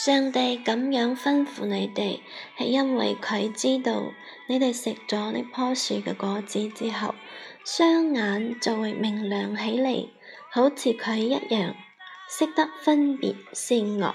上帝咁樣吩咐你哋，係因為佢知道你哋食咗呢棵樹嘅果子之後，雙眼就會明亮起嚟，好似佢一樣，識得分別善惡。